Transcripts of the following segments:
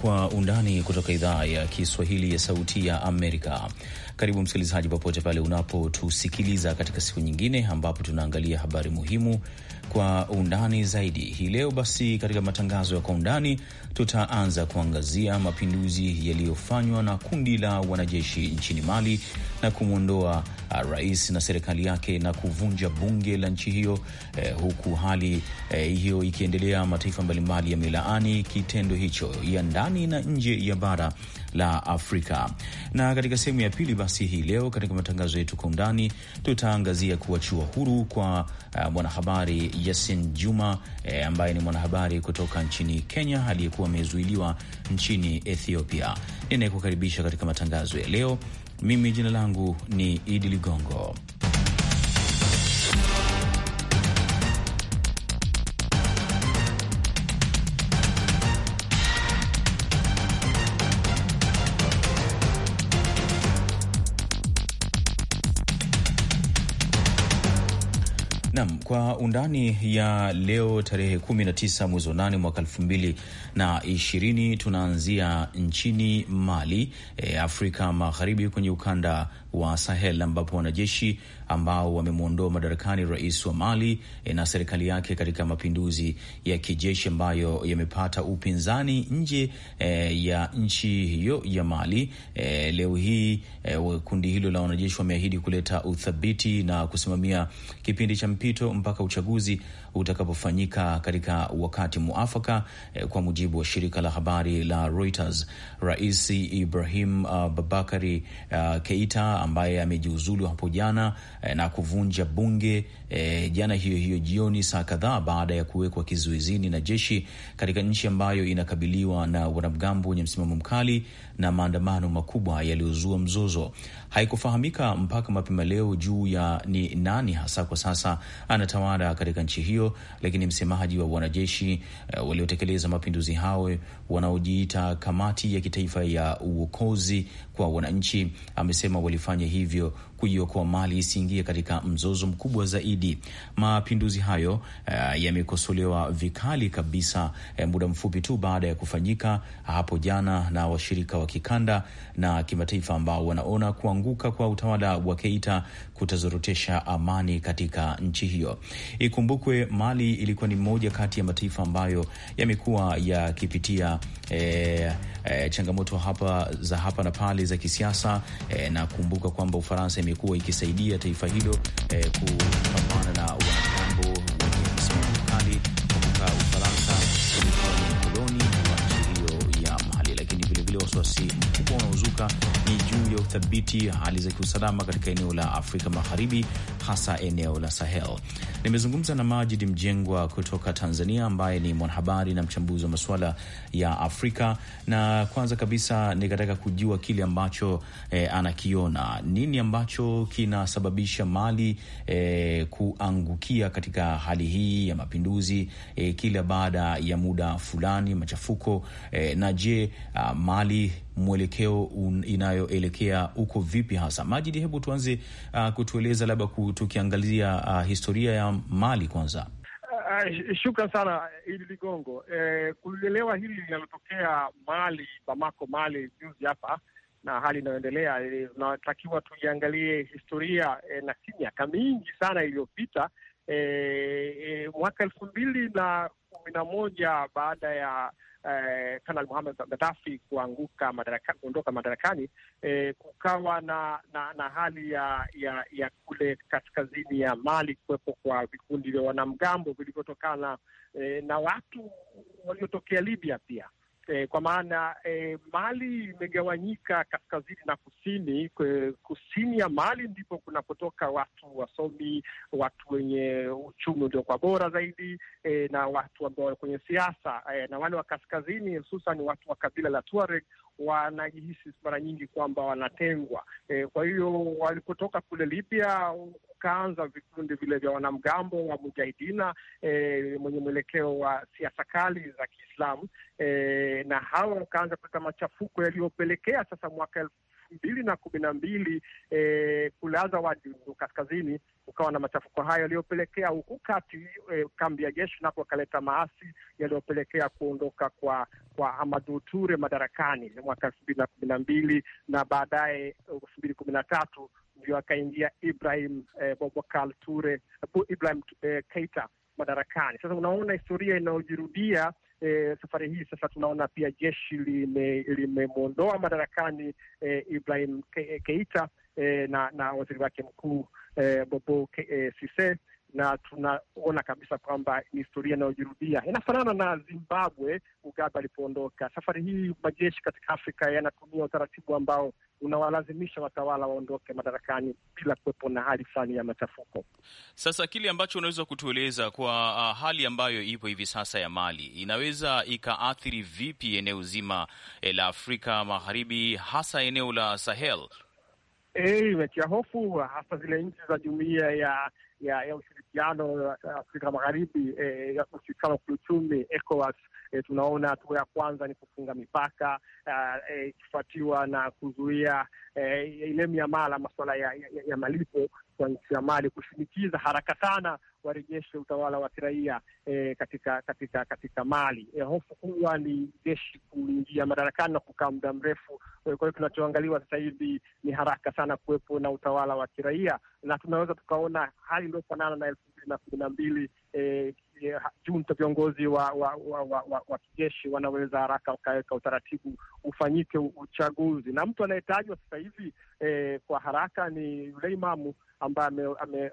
kwa undani kutoka idhaa ya Kiswahili ya Sauti ya Amerika. Karibu msikilizaji, popote pale unapotusikiliza katika siku nyingine ambapo tunaangalia habari muhimu kwa undani zaidi. Hii leo basi, katika matangazo ya kwa undani, tutaanza kuangazia mapinduzi yaliyofanywa na kundi la wanajeshi nchini Mali na kumwondoa rais na serikali yake na kuvunja bunge la nchi hiyo eh, huku hali eh, hiyo ikiendelea, mataifa mbalimbali yamelaani kitendo hicho ya ndani na nje ya bara la Afrika. Na katika sehemu ya pili, basi hii leo katika matangazo yetu kwa undani tutaangazia kuachiwa huru kwa uh, mwanahabari Yasin Juma eh, ambaye ni mwanahabari kutoka nchini Kenya aliyekuwa amezuiliwa nchini Ethiopia. Ninayekukaribisha katika matangazo ya leo mimi jina langu ni Idi Ligongo. Kwa undani ya leo tarehe 19 mwezi wa nane mwaka elfu mbili na ishirini tunaanzia nchini Mali, e, Afrika Magharibi, kwenye ukanda wa Sahel ambapo wanajeshi ambao wamemwondoa madarakani rais wa Mali e, na serikali yake katika mapinduzi ya kijeshi ambayo yamepata upinzani nje e, ya nchi hiyo ya Mali. E, leo hii e, kundi hilo la wanajeshi wameahidi kuleta uthabiti na kusimamia kipindi cha mpito mpaka uchaguzi utakapofanyika katika wakati muafaka, eh, kwa mujibu wa shirika la habari la Reuters. Rais Ibrahim uh, Babakari uh, Keita ambaye amejiuzulu hapo jana eh, na kuvunja bunge eh, jana hiyo hiyo jioni, saa kadhaa baada ya kuwekwa kizuizini na jeshi katika nchi ambayo inakabiliwa na wanamgambo wenye msimamo mkali na maandamano makubwa yaliyozua mzozo. Haikufahamika mpaka mapema leo juu ya ni nani hasa kwa sasa anatawala katika nchi hiyo, lakini msemaji wa wanajeshi uh, waliotekeleza mapinduzi hao wanaojiita Kamati ya Kitaifa ya Uokozi kwa Wananchi amesema walifanya hivyo kuiokoa mali isiingie katika mzozo mkubwa zaidi. Mapinduzi hayo uh, yamekosolewa vikali kabisa uh, muda mfupi tu baada ya kufanyika hapo jana na washirika wa kikanda na kimataifa ambao wanaona kuanguka kwa utawala wa Keita kutazorotesha amani katika nchi hiyo. Ikumbukwe Mali ilikuwa ni moja kati ya mataifa ambayo yamekuwa yakipitia e, e, changamoto hapa za hapa na pale za kisiasa e, na kumbuka kwamba Ufaransa imekuwa ikisaidia taifa hilo e, kupambana na wasiwasi mkubwa unaozuka ni juu ya uthabiti hali za kiusalama katika eneo la Afrika Magharibi, hasa eneo la Sahel. Nimezungumza na Majid Mjengwa kutoka Tanzania, ambaye ni mwanahabari na mchambuzi wa masuala ya Afrika, na kwanza kabisa nikataka kujua kile ambacho eh, anakiona nini ambacho kinasababisha Mali eh, kuangukia katika hali hii ya mapinduzi eh, kila baada ya muda fulani machafuko eh, na je, uh, Mali mwelekeo inayoelekea uko vipi hasa? majidi hebu tuanze uh, kutueleza labda tukiangalia uh, historia ya Mali kwanza. Uh, uh shukran sana eh, Idi Ligongo. Eh, kulielewa hili linalotokea Mali, Bamako Mali juzi hapa na hali inayoendelea eh, unatakiwa tuiangalie historia eh, na si miaka mingi sana iliyopita. Eh, eh, mwaka elfu mbili na kumi na moja baada ya eh, Kanali Muhammad Gaddafi kuanguka madaraka, kuondoka madarakani eh, kukawa na, na na hali ya ya ya kule kaskazini ya Mali kuwepo kwa vikundi vya wanamgambo vilivyotokana eh, na watu waliotokea Libya pia eh, kwa maana eh, Mali imegawanyika kaskazini na kusini. Kwe, kusini ya Mali ndipo kunapotoka watu wasomi, watu wenye uchumi uliokuwa bora zaidi eh, na watu ambao kwenye siasa eh, na wale wa kaskazini hususan watu wa kabila la Tuareg wanajihisi mara nyingi kwamba wanatengwa. E, kwa hiyo walipotoka kule Libya kaanza vikundi vile vya wanamgambo wa mujahidina e, mwenye mwelekeo wa siasa kali za Kiislamu e, na hawa wakaanza kuleta machafuko yaliyopelekea sasa mwaka elfu mbili na kumi na mbili e, kulaza Wajulu kaskazini kukawa na machafuko hayo yaliyopelekea huku kati e, kambi ya jeshi napo akaleta maasi yaliyopelekea kuondoka kwa kwa Amadu Ture madarakani mwaka elfu mbili na kumi na mbili na baadaye elfu mbili kumi na tatu ndio akaingia Ibrahim e, Bobokal Ture Ibrahim e, Keita madarakani. Sasa unaona historia inayojirudia. E, safari hii sasa tunaona pia jeshi limemwondoa lime madarakani e, Ibrahim Keita e, na, na waziri wake mkuu e, Bobo e, Sise na tunaona kabisa kwamba ni historia inayojirudia inafanana na Zimbabwe Mugabe alipoondoka. Safari hii majeshi katika Afrika yanatumia utaratibu ambao unawalazimisha watawala waondoke madarakani bila kuwepo na hali fulani ya machafuko. Sasa kile ambacho unaweza kutueleza kwa uh, hali ambayo ipo hivi sasa ya Mali inaweza ikaathiri vipi eneo zima e, la Afrika Magharibi, hasa eneo la Sahel? e, imetia hofu hasa zile nchi za jumuiya ya ya, ya ushirikiano Afrika Magharibi eh, ya ushirikiano kiuchumi ECOWAS. Eh, tunaona hatua ya kwanza ni kufunga mipaka eh, ikifuatiwa e, na kuzuia e, ile miamala, masuala ya, ya, ya malipo kwa nchi ya Mali, kushinikiza haraka sana warejeshe utawala wa kiraia e, katika katika katika Mali. E, hofu kubwa ni jeshi kuingia madarakani na kukaa muda mrefu. E, kwa hiyo tunachoangaliwa sasa hivi ni haraka sana kuwepo na utawala wa kiraia, na tunaweza tukaona hali iliyofanana na elfu mbili na kumi na mbili e, Eh, junta, viongozi wa wa, wa, wa, wa, wa kijeshi wanaweza haraka wakaweka utaratibu ufanyike uchaguzi, na mtu anayetajwa sasa hivi eh, kwa haraka ni yule imamu ambaye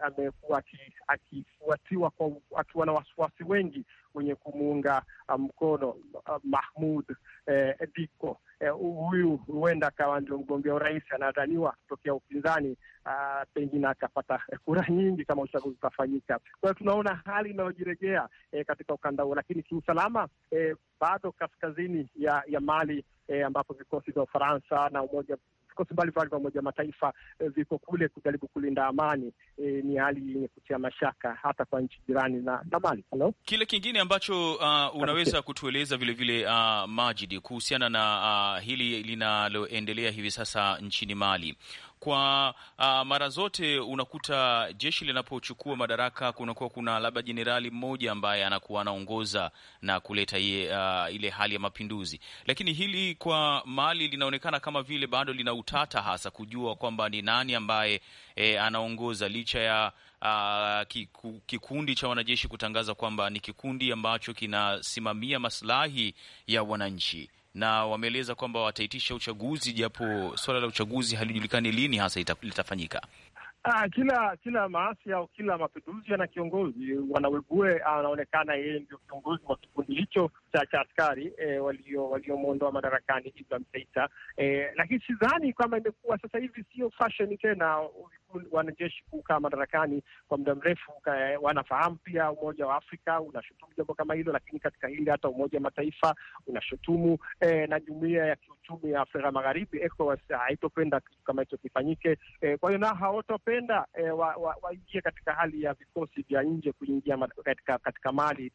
amekuwa akifuatiwa akiwa na wasiwasi wengi wenye kumuunga ah, mkono ah, Mahmud eh, Diko Eh, huyu eh, huenda akawa ndio mgombea urais anadhaniwa kutokea upinzani, ah, pengine akapata eh, kura nyingi kama uchaguzi utafanyika. Kwa hiyo tunaona hali inayojiregea eh, katika ukanda huo, lakini kiusalama eh, bado kaskazini ya, ya Mali eh, ambapo vikosi vya Ufaransa na Umoja vikosi mbalimbali vya Umoja Mataifa eh, viko kule kujaribu kulinda amani. eh, ni hali yenye kutia mashaka hata kwa nchi jirani na, na Mali. Hello? Kile kingine ambacho uh, unaweza kutueleza vilevile vile, uh, Majidi kuhusiana na uh, hili linaloendelea hivi sasa nchini Mali kwa uh, mara zote unakuta jeshi linapochukua madaraka kunakuwa kuna labda jenerali mmoja ambaye anakuwa anaongoza na kuleta ye, uh, ile hali ya mapinduzi, lakini hili kwa Mali linaonekana kama vile bado lina utata, hasa kujua kwamba ni nani ambaye e, anaongoza licha ya Uh, kiku, kikundi cha wanajeshi kutangaza kwamba ni kikundi ambacho kinasimamia masilahi ya wananchi na wameeleza kwamba wataitisha uchaguzi, japo suala la uchaguzi halijulikani lini hasa litafanyika. Ah, kila kila maasi au kila mapinduzi yana kiongozi. Wanawegue ah, anaonekana yeye ndio kiongozi wa kikundi hicho cha cha askari e, eh, waliomwondoa madarakani Ibrahim Keita e, eh, lakini sidhani kwamba imekuwa sasa hivi sio fashion tena wanajeshi kukaa madarakani kwa muda mrefu. Wanafahamu pia Umoja wa Afrika unashutumu jambo kama hilo, lakini katika hili hata Umoja wa Mataifa unashutumu eh, na jumuia ya Kiuchumi ya Afrika Magharibi ECOWAS haitopenda kitu kama hicho kifanyike. Eh, kwa hiyo na hawatopenda eh, waingie wa, wa katika hali ya vikosi vya nje kuingia katika, katika Mali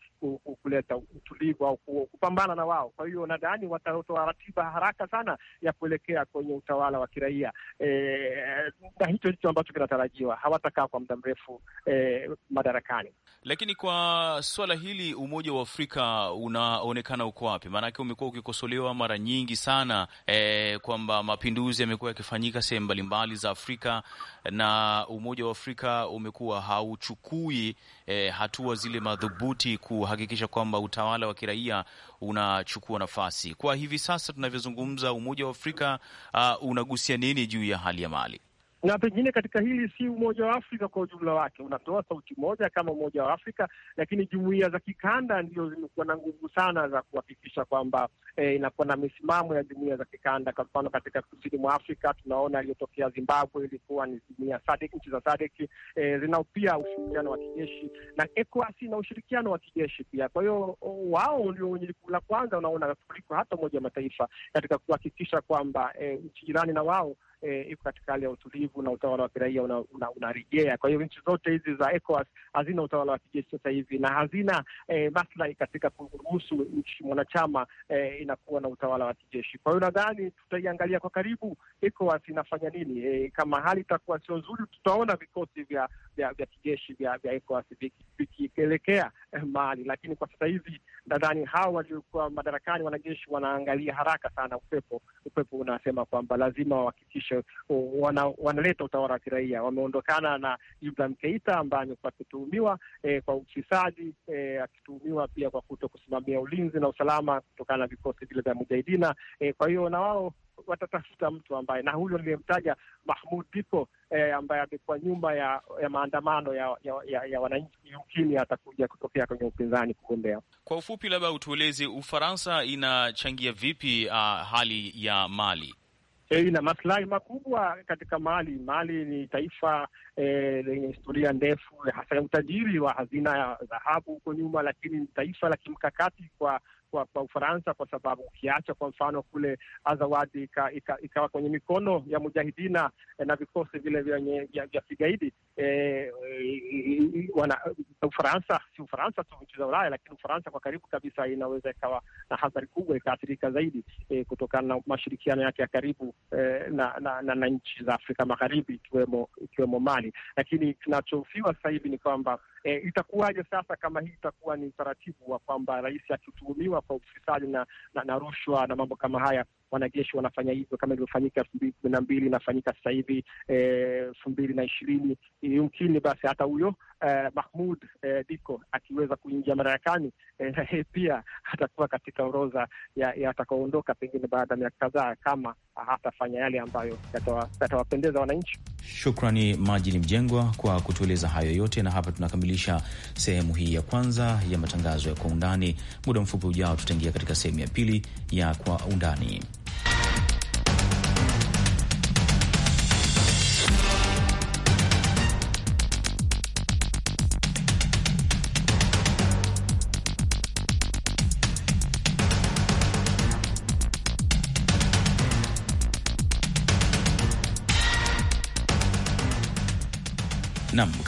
kuleta utulivu au kupambana na wao. Kwa hiyo nadhani watatoa ratiba haraka sana ya kuelekea kwenye utawala wa kiraia eh, na hicho ndicho ambacho kinatarajiwa, hawatakaa kwa muda mrefu eh, madarakani. Lakini kwa suala hili Umoja wa Afrika unaonekana uko wapi? Maanake umekuwa ukikosolewa mara nyingi sana eh, kwamba mapinduzi yamekuwa yakifanyika sehemu mbalimbali za Afrika na Umoja wa Afrika umekuwa hauchukui eh, hatua zile madhubuti kuhakikisha kwamba utawala wa kiraia unachukua nafasi. Kwa hivi sasa tunavyozungumza, Umoja wa Afrika uh, unagusia nini juu ya hali ya Mali? na pengine katika hili si Umoja wa Afrika kwa ujumla wake unatoa sauti moja kama Umoja wa Afrika, lakini jumuiya za kikanda ndio zimekuwa na nguvu sana za kuhakikisha kwamba eh, inakuwa na misimamo ya jumuiya za kikanda. Kwa mfano katika kusini mwa Afrika tunaona aliyotokea Zimbabwe ilikuwa ni jumuiya SADC, nchi za SADC eh, zina pia ushirikiano wa kijeshi na ECOWAS na ushirikiano wa kijeshi pia. Kwa hiyo wao ndio wenye jukumu la kwanza, unaona kuliko hata Umoja wa Mataifa katika kuhakikisha kwamba eh, nchi jirani na wao eh, iko katika hali ya utulivu na utawala wa kiraia unarejea una. Kwa hiyo nchi zote hizi za ECOWAS hazina utawala wa kijeshi sasa hivi na hazina eh, maslahi katika kuruhusu nchi mwanachama eh, inakuwa na utawala wa kijeshi. Kwa hiyo nadhani tutaiangalia kwa karibu ECOWAS inafanya nini. eh, kama hali itakuwa sio nzuri, tutaona vikosi vya vya, vya kijeshi vya, vya ECOWAS vikielekea eh, mahali, lakini kwa sasa hivi nadhani hawa waliokuwa madarakani wanajeshi wanaangalia haraka sana upepo. Upepo unasema kwamba lazima wahakikishe ambacho wana, wanaleta utawala wa kiraia. Wameondokana na Ibrahim Keita ambaye amekuwa akituhumiwa eh, kwa ufisadi eh, akituhumiwa pia kwa kuto kusimamia ulinzi na usalama kutokana na vikosi vile vya mujahidina eh, kwa hiyo na wao watatafuta mtu ambaye na huyo niliyemtaja Mahmud Diko eh, ambaye amekuwa nyuma ya, ya maandamano ya, ya, ya, ya wananchi, yumkini atakuja kutokea kwenye upinzani kugombea. Kwa ufupi, labda utueleze Ufaransa inachangia vipi uh, hali ya Mali? eh, ina maslahi makubwa katika Mali. Mali ni taifa eh, lenye historia ndefu hasa ya utajiri wa hazina ya dhahabu huko nyuma, lakini ni taifa la kimkakati kwa kwa, kwa Ufaransa kwa sababu ukiacha kwa mfano kule Azawadi ikawa ika, ika kwenye mikono ya mujahidina eh, na vikosi vile vya kigaidi eh, Ufaransa, si Ufaransa tu, nchi za Ulaya, lakini Ufaransa kwa karibu kabisa inaweza ikawa na hatari kubwa ikaathirika zaidi eh, kutokana na mashirikiano yake ya karibu eh, na, na, na, na nchi za Afrika Magharibi ikiwemo Mali, lakini kinachofiwa sasa hivi ni kwamba E, itakuwaje sasa kama hii itakuwa ni utaratibu wa kwamba rais akituhumiwa kwa ufisadi na, na, na rushwa na mambo kama haya wanajeshi wanafanya hivyo kama ilivyofanyika elfu mbili kumi na mbili inafanyika sasa hivi eh, elfu mbili na ishirini yumkini basi hata huyo eh, Mahmud eh, Diko akiweza kuingia madarakani eh, pia atakuwa katika orodha ya, ya atakaoondoka pengine baada ya miaka kadhaa kama hatafanya yale ambayo yatawapendeza wananchi. Shukrani maji ni Mjengwa kwa kutueleza hayo yote, na hapa tunakamilisha sehemu hii ya kwanza ya matangazo ya Kwa Undani. Muda mfupi ujao, tutaingia katika sehemu ya pili ya Kwa Undani.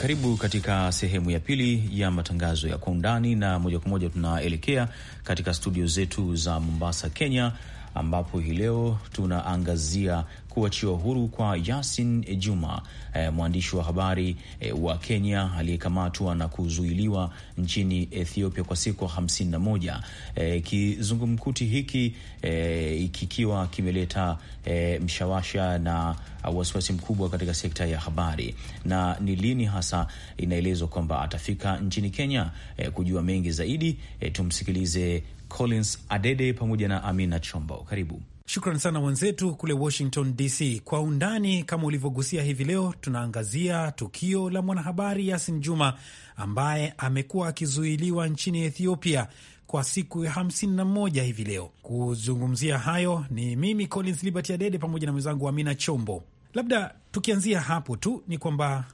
Karibu katika sehemu ya pili ya matangazo ya kwa undani, na moja kwa moja tunaelekea katika studio zetu za Mombasa, Kenya, ambapo hii leo tunaangazia kuachiwa huru kwa Yasin e, Juma e, mwandishi wa habari e, wa Kenya aliyekamatwa na kuzuiliwa nchini Ethiopia kwa siku hamsini na moja. E, kizungumkuti hiki e, kikiwa kimeleta e, mshawasha na wasiwasi mkubwa katika sekta ya habari. Na ni lini hasa inaelezwa kwamba atafika nchini Kenya? E, kujua mengi zaidi, e, tumsikilize Collins Adede pamoja na Amina Chombo. Karibu. Shukran sana wenzetu kule Washington DC. Kwa undani, kama ulivyogusia hivi leo, tunaangazia tukio la mwanahabari Yasin Juma ambaye amekuwa akizuiliwa nchini Ethiopia kwa siku ya 51 hivi leo. Kuzungumzia hayo ni mimi Collins Liberty Adede pamoja na mwenzangu Amina Chombo. Labda tukianzia hapo tu ni kwamba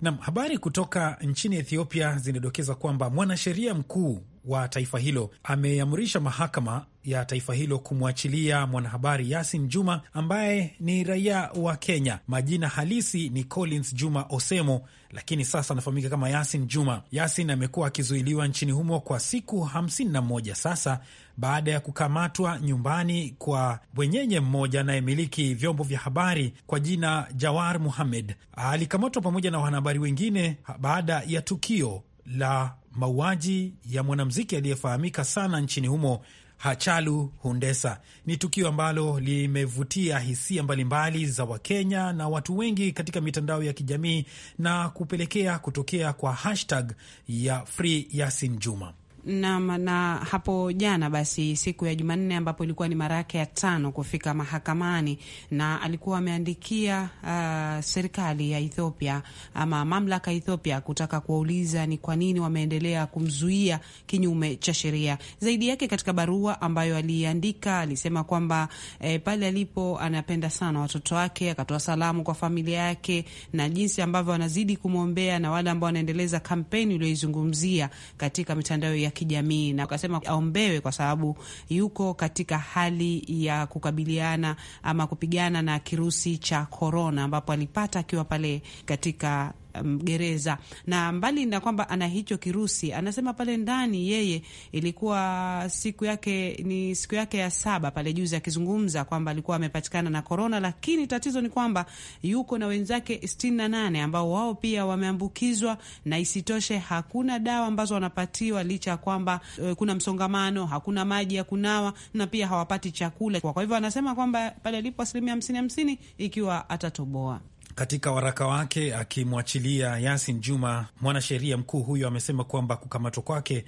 nam habari kutoka nchini Ethiopia zinadokeza kwamba mwanasheria mkuu wa taifa hilo ameamrisha mahakama ya taifa hilo kumwachilia mwanahabari Yasin Juma ambaye ni raia wa Kenya. Majina halisi ni Collins Juma Osemo, lakini sasa anafahamika kama Yasin Juma. Yasin amekuwa akizuiliwa nchini humo kwa siku 51 sasa baada ya kukamatwa nyumbani kwa bwenyenye mmoja anayemiliki vyombo vya habari kwa jina Jawar Muhamed. Alikamatwa pamoja na wanahabari wengine baada ya tukio la mauaji ya mwanamuziki aliyefahamika sana nchini humo Hachalu hundesa ni tukio ambalo limevutia hisia mbalimbali za Wakenya na watu wengi katika mitandao ya kijamii na kupelekea kutokea kwa hashtag ya Free Yasin Juma. Naam, na hapo jana basi, siku ya Jumanne, ambapo ilikuwa ni mara yake ya tano kufika mahakamani, na alikuwa ameandikia uh, serikali ya Ethiopia ama mamlaka ya Ethiopia kutaka kuwauliza ni kwa nini wameendelea kumzuia kinyume cha sheria. Zaidi yake, katika barua ambayo aliandika, alisema kwamba eh, pale alipo anapenda sana watoto wake, akatoa salamu kwa familia yake na jinsi ambavyo wanazidi kumwombea na wale ambao wanaendeleza kampeni ulioizungumzia katika mitandao ya ya kijamii, na akasema aombewe kwa sababu yuko katika hali ya kukabiliana ama kupigana na kirusi cha korona, ambapo alipata akiwa pale katika um, gereza. Na mbali na kwamba ana hicho kirusi, anasema pale ndani yeye ilikuwa siku yake ni siku yake ya saba pale juzi, akizungumza kwamba alikuwa amepatikana na korona, lakini tatizo ni kwamba yuko na wenzake sitini na nane ambao wao pia wameambukizwa, na isitoshe hakuna dawa ambazo wanapatiwa licha ya kwamba uh, kuna msongamano, hakuna maji ya kunawa na pia hawapati chakula. Kwa hivyo anasema kwamba pale alipo asilimia hamsini hamsini ikiwa atatoboa katika waraka wake akimwachilia Yasin Juma, mwanasheria mkuu huyo amesema kwamba kukamatwa kwake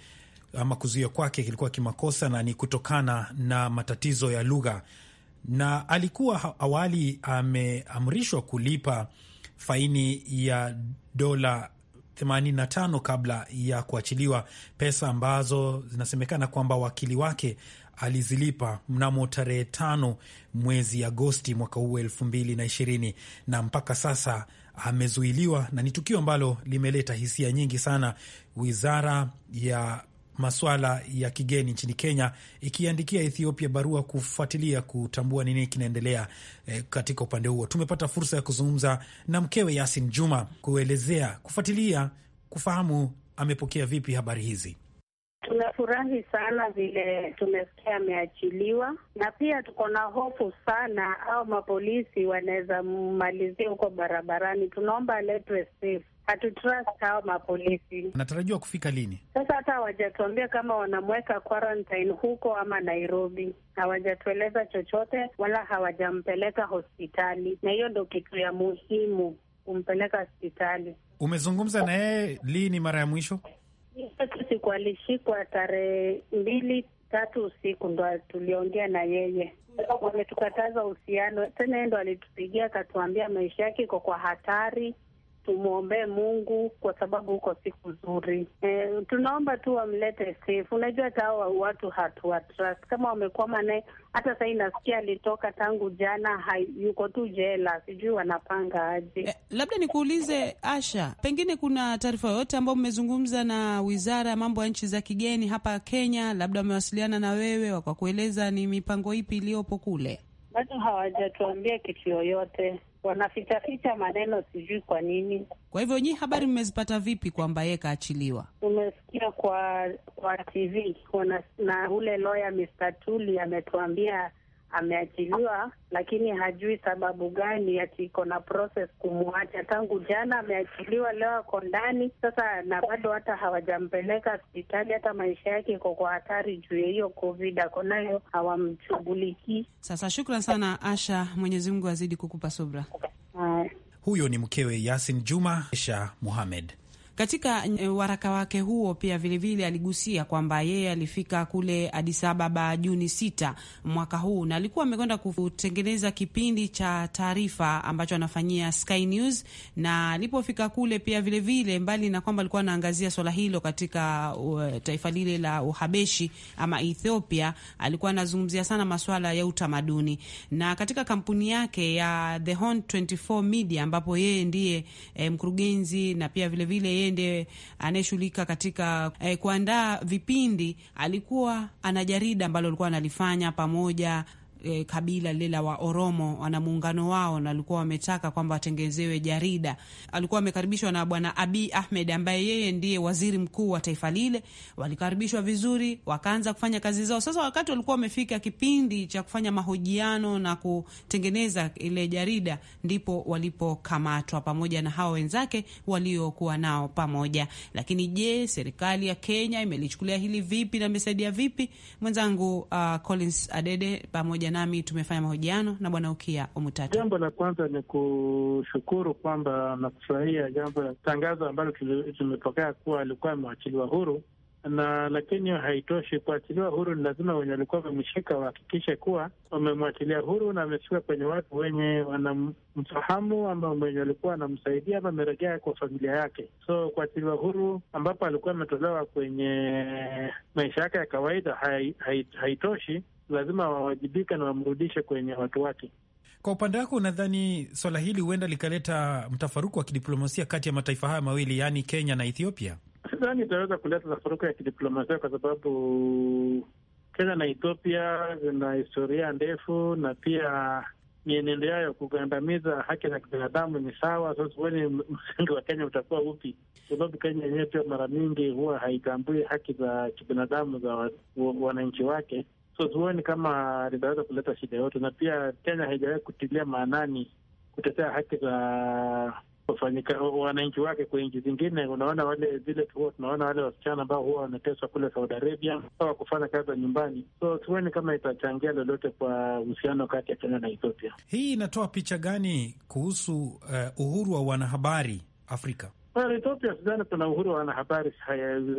ama kuzuia kwake kilikuwa kimakosa na ni kutokana na matatizo ya lugha, na alikuwa awali ameamrishwa kulipa faini ya dola 85 kabla ya kuachiliwa, pesa ambazo zinasemekana kwamba wakili wake alizilipa mnamo tarehe tano mwezi Agosti mwaka huu elfu mbili na ishirini na mpaka sasa amezuiliwa, na ni tukio ambalo limeleta hisia nyingi sana. Wizara ya maswala ya kigeni nchini Kenya ikiandikia Ethiopia barua kufuatilia kutambua nini kinaendelea e, katika upande huo. Tumepata fursa ya kuzungumza na mkewe Yasin Juma kuelezea kufuatilia kufahamu amepokea vipi habari hizi tunafurahi sana vile tumesikia ameachiliwa, na pia tuko na hofu sana au mapolisi wanaweza mmalizia huko barabarani. Tunaomba aletwe safe. Hatutrust hawa mapolisi. Anatarajiwa kufika lini? Sasa hata hawajatuambia kama wanamweka quarantine huko ama Nairobi. Hawajatueleza chochote, wala hawajampeleka hospitali, na hiyo ndo kitu ya muhimu, kumpeleka hospitali. Umezungumza na yeye lini mara ya mwisho? hiyo alishikwa tarehe mbili tatu usiku ndo tuliongea na yeye, wametukataza uhusiano tena. Yeye ndo alitupigia akatuambia maisha yake iko kwa hatari, tumwombee Mungu kwa sababu huko siku nzuri. E, tunaomba tu wamlete safe. Unajua hata hawa watu hatuwa trust kama wamekwama naye. Hata sahii nasikia alitoka tangu jana hai, yuko tu jela, sijui wanapanga aje. E, labda nikuulize Asha, pengine kuna taarifa yoyote ambayo mmezungumza na wizara ya mambo ya nchi za kigeni hapa Kenya, labda wamewasiliana na wewe wakakueleza ni mipango ipi iliyopo kule? bado hawajatuambia kitu yoyote, wanafichaficha maneno, sijui kwa nini. Kwa hivyo nyii, habari mmezipata vipi kwamba yeye kaachiliwa? Tumesikia kwa kwa TV na ule lawyer Mr. Tuli ametuambia ameachiliwa, lakini hajui sababu gani, ati iko na process kumwacha. Tangu jana ameachiliwa, leo ako ndani sasa, na bado hata hawajampeleka hospitali. Hata maisha yake iko kwa hatari juu ya hiyo covid ako nayo, hawamshughulikii. Sasa shukran sana Asha, Mwenyezi Mungu azidi kukupa subra. Huyo ni mkewe Yasin Juma Asha Muhamed. Katika eh, waraka wake huo pia vilevile vile aligusia kwamba yeye alifika kule Addis Ababa Juni sita mwaka huu na alikuwa amekwenda kutengeneza kipindi cha taarifa ambacho anafanyia Sky News, na alipofika kule pia vilevile vile, mbali na kwamba alikuwa anaangazia swala hilo katika uh, taifa lile la Uhabeshi ama Ethiopia, alikuwa anazungumzia sana maswala ya utamaduni na katika kampuni yake ya The Horn 24 Media ambapo yeye ndiye eh, mkurugenzi na pia vilevile vile yeye ndiye anayeshughulika katika eh, kuandaa vipindi. Alikuwa ana jarida ambalo alikuwa analifanya pamoja e, kabila lile la wa Oromo wana muungano wao na walikuwa wametaka kwamba watengenezewe jarida. Alikuwa amekaribishwa na bwana Abi Ahmed ambaye yeye ndiye waziri mkuu wa taifa lile. Walikaribishwa vizuri, wakaanza kufanya kazi zao. Sasa wakati walikuwa wamefika kipindi cha kufanya mahojiano na kutengeneza ile jarida, ndipo walipokamatwa pamoja na hao wenzake waliokuwa nao pamoja. Lakini je, serikali ya Kenya imelichukulia hili vipi na imesaidia vipi? Mwenzangu uh, Collins Adede pamoja nami tumefanya mahojiano na Bwana Ukia Omutata. Jambo la kwanza ni kushukuru kwamba nakufurahia jambo la tangazo ambalo tumepokea kuwa alikuwa amewachiliwa huru, na lakini hiyo haitoshi. Kuachiliwa huru ni lazima wenye walikuwa wamemshika wahakikishe kuwa wamemwachilia huru na amefika kwenye watu wenye wanamfahamu ama mwenye walikuwa wanamsaidia ama amerejea kwa familia yake. So kuachiliwa huru ambapo alikuwa ametolewa kwenye maisha yake ya kawaida haitoshi hai, lazima wawajibike na wamrudishe kwenye watu wake. Kwa upande wako, unadhani swala hili huenda likaleta mtafaruku wa kidiplomasia kati ya mataifa haya mawili, yaani Kenya na Ethiopia? Sidhani itaweza kuleta tafaruku ya kidiplomasia kwa sababu Kenya na Ethiopia zina historia ndefu na pia mienendo yao ya kugandamiza haki za kibinadamu ni sawa. Sasa huoni msingi wa Kenya utakuwa upi? Sababu Kenya yenyewe pia mara nyingi huwa haitambui haki za kibinadamu za wananchi wake so tuoni kama litaweza kuleta shida yote, na pia Kenya haijawahi kutilia maanani kutetea haki za wafanyika wananchi wake. Kwa nchi zingine, unaona wale vile tu, tunaona wale wasichana ambao huwa wanateswa kule Saudi Arabia au kufanya kazi za nyumbani. So sioni kama itachangia lolote kwa uhusiano kati ya Kenya na Ethiopia. Hii inatoa picha gani kuhusu uh, uhuru wa wanahabari Afrika? Well, Ethiopia sidhani kuna uhuru wa wanahabari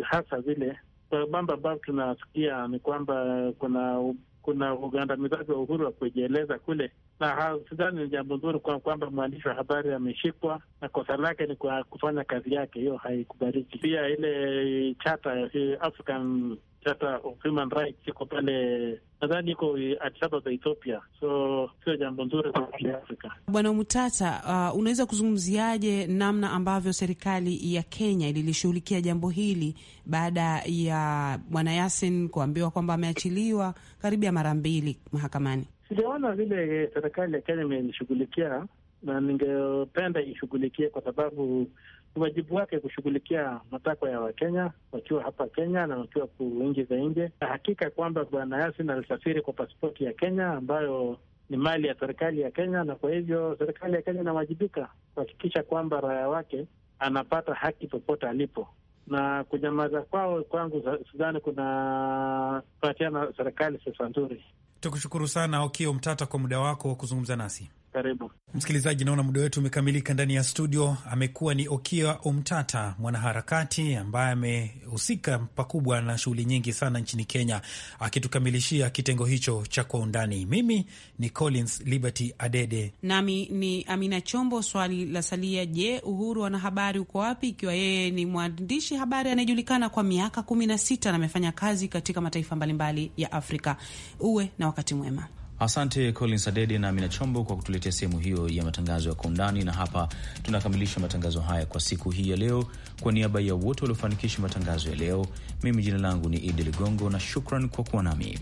hasa vile kwa mambo ambayo tunasikia ni kwamba kuna kuna ugandamizaji wa uhuru wa kujieleza kule na sidhani ni jambo nzuri kwa kwamba mwandishi wa habari ameshikwa na kosa lake ni kwa kufanya kazi yake, hiyo haikubariki Pia ile chata eh, African Chata of Human Rights iko pale nadhani iko eh, Addis Ababa Ethiopia, so sio jambo nzuri kwa Afrika. Bwana Mutata, uh, unaweza kuzungumziaje namna ambavyo serikali ya Kenya ililishughulikia jambo hili baada ya bwana Yasin kuambiwa kwamba ameachiliwa karibu ya mara mbili mahakamani? Sijaona vile serikali ya Kenya imeshughulikia na ningependa ishughulikie kwa sababu ni wajibu wake kushughulikia matakwa ya Wakenya wakiwa hapa Kenya na wakiwa nchi za nje, na hakika kwamba Bwana Yasin alisafiri kwa pasipoti ya Kenya ambayo ni mali ya serikali ya Kenya, na kwa hivyo serikali ya Kenya inawajibika kuhakikisha kwamba raia wake anapata haki popote alipo, na kunyamaza kwao kwangu sidhani kuna patiana serikali sasa nzuri. Tukushukuru sana Okio Mtata kwa muda wako wa kuzungumza nasi. Karibu msikilizaji, naona muda wetu umekamilika. Ndani ya studio amekuwa ni Okia umtata mwanaharakati ambaye amehusika pakubwa na shughuli nyingi sana nchini Kenya, akitukamilishia kitengo hicho cha Kwa Undani. Mimi ni Collins Liberty Adede nami ni Amina Chombo. Swali la salia, je, uhuru wanahabari uko wapi? Ikiwa yeye ni mwandishi habari anayejulikana kwa miaka kumi na sita na amefanya kazi katika mataifa mbalimbali ya Afrika. Uwe na wakati mwema. Asante Colin Adede na Amina Chombo kwa kutuletea sehemu hiyo ya matangazo ya kwa undani, na hapa tunakamilisha matangazo haya kwa siku hii ya leo. Kwa niaba ya wote waliofanikisha matangazo ya leo, mimi jina langu ni Idi Ligongo na shukran kwa kuwa nami.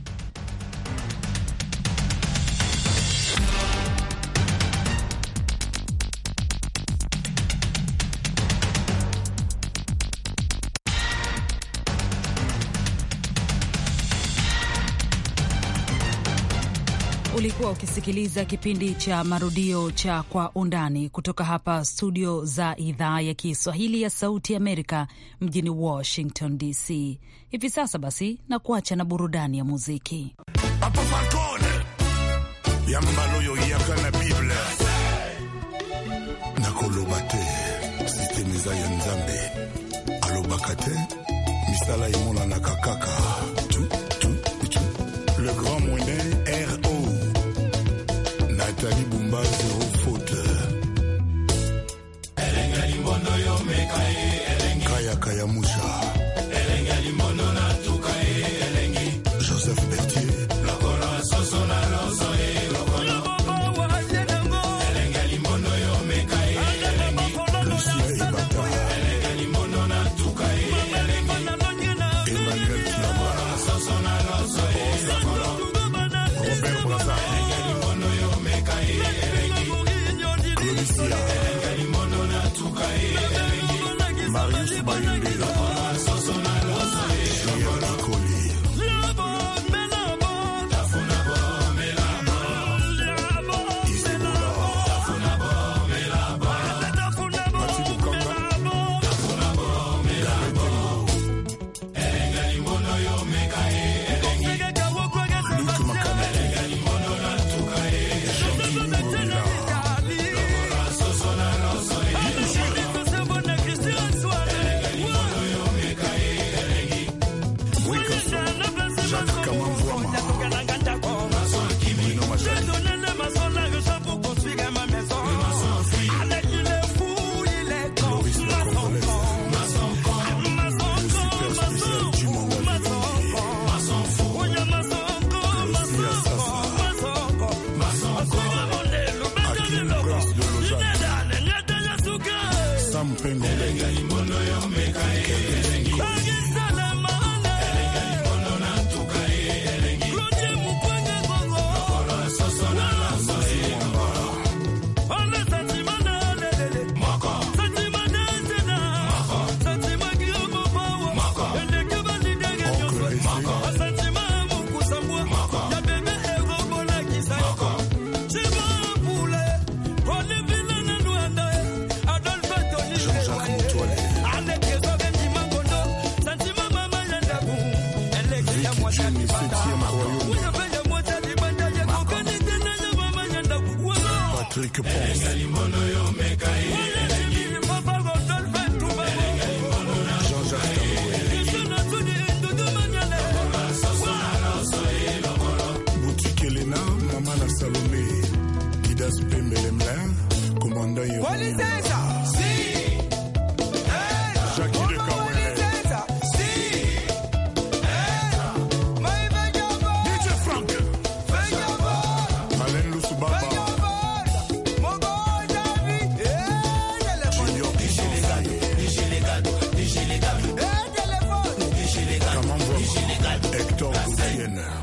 Ulikuwa ukisikiliza kipindi cha marudio cha Kwa Undani kutoka hapa studio za idhaa ya Kiswahili ya Sauti Amerika mjini Washington DC. Hivi sasa basi, na kuacha na burudani ya muziki nakoloba te sisteme ya nzambe alobaka te misala na kakaka Bye.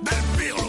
That bill.